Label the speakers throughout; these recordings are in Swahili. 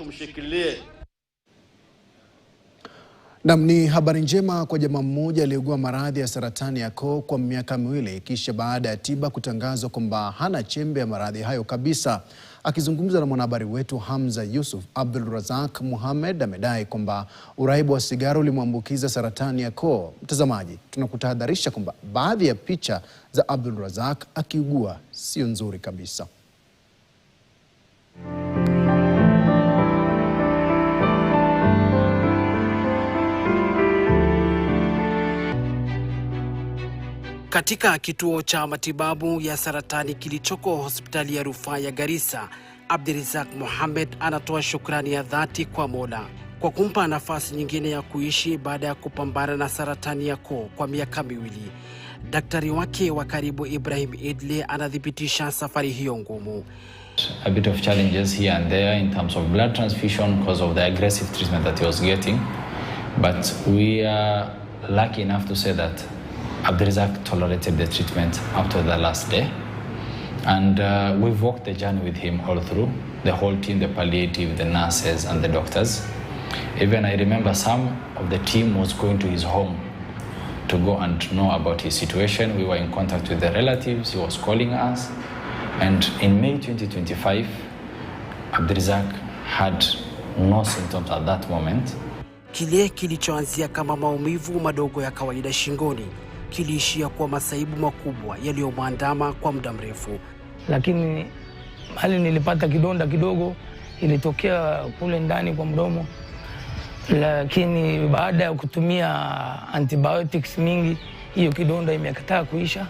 Speaker 1: tumshikilie. Nam, ni habari njema kwa jamaa mmoja aliyeugua maradhi ya saratani ya koo kwa miaka miwili kisha baada ya tiba kutangazwa kwamba hana chembe ya maradhi hayo kabisa. Akizungumza na mwanahabari wetu Hamza Yusuf, Abdul Razak Muhamed amedai kwamba uraibu wa sigara ulimwambukiza saratani ya koo. Mtazamaji, tunakutahadharisha kwamba baadhi ya picha za Abdul Razak akiugua sio nzuri kabisa. katika kituo cha matibabu ya saratani kilichoko hospitali ya rufaa ya Garissa. Abdirizak Mohamed anatoa shukrani ya dhati kwa Mola kwa kumpa nafasi nyingine ya kuishi baada ya kupambana na saratani ya koo kwa miaka miwili. Daktari wake wa karibu Ibrahim Idle anathibitisha safari hiyo ngumu.
Speaker 2: A bit of challenges here and there in terms of blood transfusion because of the aggressive treatment that he was getting but we are lucky enough to say that Abdelrazak tolerated the treatment up to the last day. And uh, we've walked the journey with him all through, the whole team, the palliative, the nurses and the doctors. Even I remember some of the team was going to his home to go and know about his situation. We were in contact with the relatives, he was calling us. And in May 2025, Abdirizak had no symptoms at that moment.
Speaker 1: Kile kilichoanzia kama maumivu madogo ya kawaida shingoni kiliishia kuwa masaibu makubwa yaliyomwandama kwa muda mrefu.
Speaker 3: Lakini hali nilipata kidonda kidogo, ilitokea kule ndani kwa mdomo, lakini baada ya kutumia antibiotics mingi, hiyo kidonda imekataa kuisha,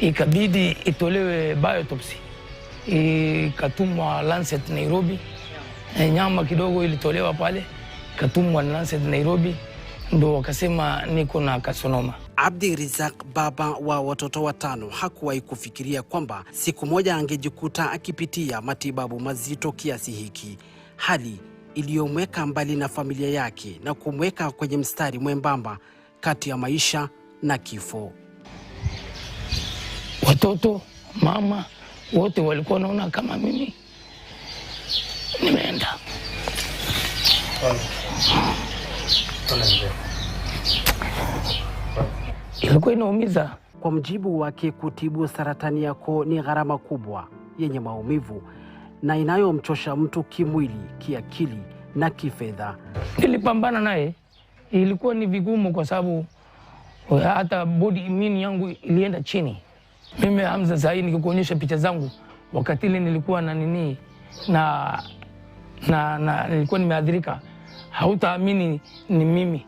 Speaker 3: ikabidi itolewe biopsy, ikatumwa Lancet Nairobi. Eh, nyama kidogo ilitolewa pale, ikatumwa Lancet Nairobi, ndo wakasema niko na kasonoma
Speaker 1: Abdi Rizak, baba wa watoto watano, hakuwahi kufikiria kwamba siku moja angejikuta akipitia matibabu mazito kiasi hiki, hali iliyomweka mbali na familia yake na kumweka kwenye mstari mwembamba kati ya maisha na kifo.
Speaker 3: Watoto, mama wote walikuwa wanaona kama mimi nimeenda ilikuwa inaumiza.
Speaker 1: Kwa mjibu wake, kutibu saratani yako ni gharama kubwa yenye maumivu na inayomchosha mtu kimwili, kiakili na kifedha.
Speaker 3: Nilipambana naye, ilikuwa ni vigumu kwa sababu eh, hata bodi imini yangu ilienda chini. Mimi Hamza, sahii nikikuonyesha picha zangu wakati ile nilikuwa na nini na, na, na nilikuwa nimeadhirika, hautaamini ni mimi.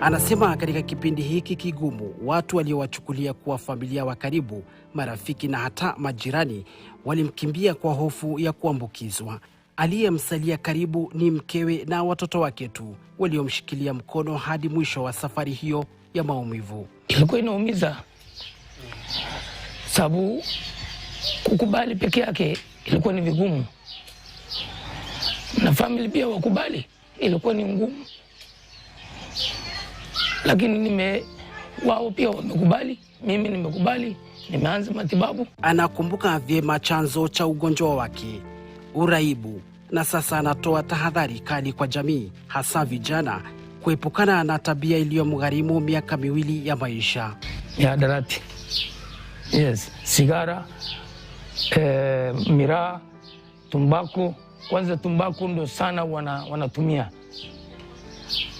Speaker 1: Anasema katika kipindi hiki kigumu, watu waliowachukulia kuwa familia wa karibu, marafiki na hata majirani walimkimbia kwa hofu ya kuambukizwa. Aliyemsalia karibu ni mkewe na watoto wake tu waliomshikilia mkono hadi mwisho wa safari hiyo ya maumivu.
Speaker 3: Ilikuwa inaumiza sababu kukubali peke yake ilikuwa ni vigumu, na famili pia wakubali ilikuwa ni ngumu lakini nime wao pia wamekubali, mimi nimekubali, nimeanza matibabu.
Speaker 1: Anakumbuka vyema chanzo cha ugonjwa wake uraibu, na sasa anatoa tahadhari kali kwa jamii, hasa vijana, kuepukana na tabia iliyomgharimu miaka miwili ya maisha
Speaker 3: ya darati, yes, sigara, eh, miraa, tumbaku. Kwanza tumbaku ndo sana wanatumia wana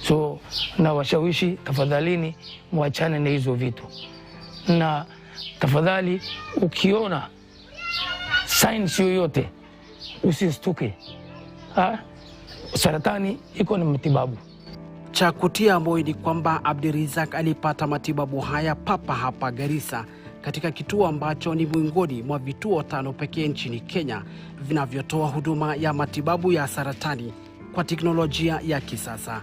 Speaker 3: So na washawishi tafadhalini, mwachane na hizo vitu, na tafadhali, ukiona signs yoyote usistuke. Saratani iko na matibabu.
Speaker 1: Cha kutia moyo ni kwamba Abdirizak alipata matibabu haya papa hapa Garissa katika kituo ambacho ni miongoni mwa vituo tano pekee nchini Kenya vinavyotoa huduma ya matibabu ya saratani kwa teknolojia ya kisasa.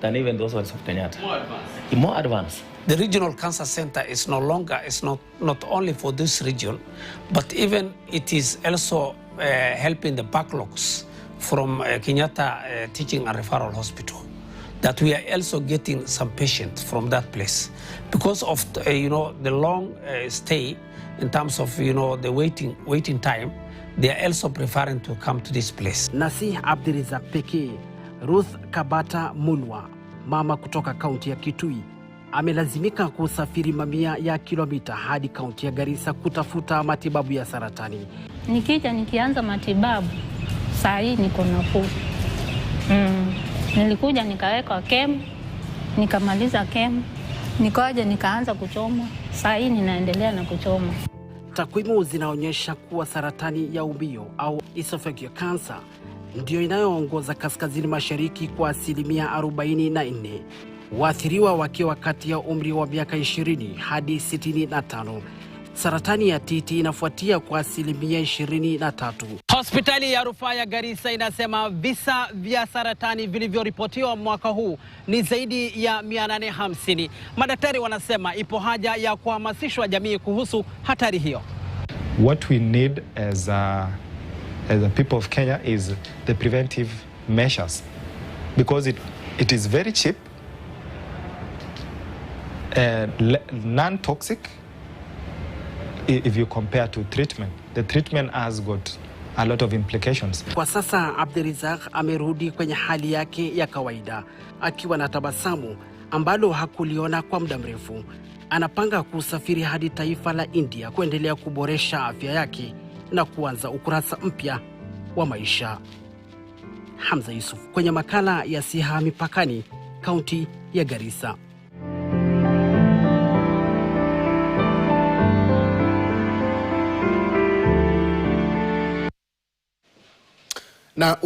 Speaker 4: than even those ones of Kenyatta. More advanced. More advanced.
Speaker 5: The regional cancer center is no longer, it's not, not only for this region, but even it is also uh, helping the backlogs from uh, Kenyatta uh, Teaching and Referral Hospital that we are also getting some patients from that place because of uh, you know the long uh, stay in terms of you know the waiting waiting time they are also preferring to come to this place
Speaker 1: Nasih Abdirizak pekee Ruth Kabata Munwa, mama kutoka kaunti ya Kitui, amelazimika kusafiri mamia ya kilomita hadi kaunti ya Garissa kutafuta matibabu ya saratani.
Speaker 6: Nikija nikianza matibabu saa hii niko nafuu. Mm, nilikuja nikawekwa kemu, nikamaliza kemu, nikaja nikaanza kuchomwa. Saa hii ninaendelea na kuchomwa.
Speaker 1: Takwimu zinaonyesha kuwa saratani ya ubio au esophageal cancer ndiyo inayoongoza kaskazini mashariki kwa asilimia 44, waathiriwa wakiwa kati ya umri wa miaka 20 hadi 65. Saratani ya titi inafuatia kwa asilimia 23. Hospitali ya rufaa ya Garissa inasema visa vya saratani vilivyoripotiwa mwaka huu ni zaidi ya 850. Madaktari wanasema ipo haja ya kuhamasishwa jamii kuhusu hatari hiyo.
Speaker 7: What we need as a as a people of Kenya is the preventive measures because it, it is very cheap and uh, non-toxic if you compare to treatment. The treatment has got a lot of implications.
Speaker 1: Kwa sasa Abdirizak amerudi kwenye hali yake ya kawaida akiwa na tabasamu ambalo hakuliona kwa muda mrefu. Anapanga kusafiri hadi taifa la India kuendelea kuboresha afya yake na kuanza ukurasa mpya wa maisha. Hamza Yusuf kwenye makala ya Siha Mipakani, kaunti ya garisa na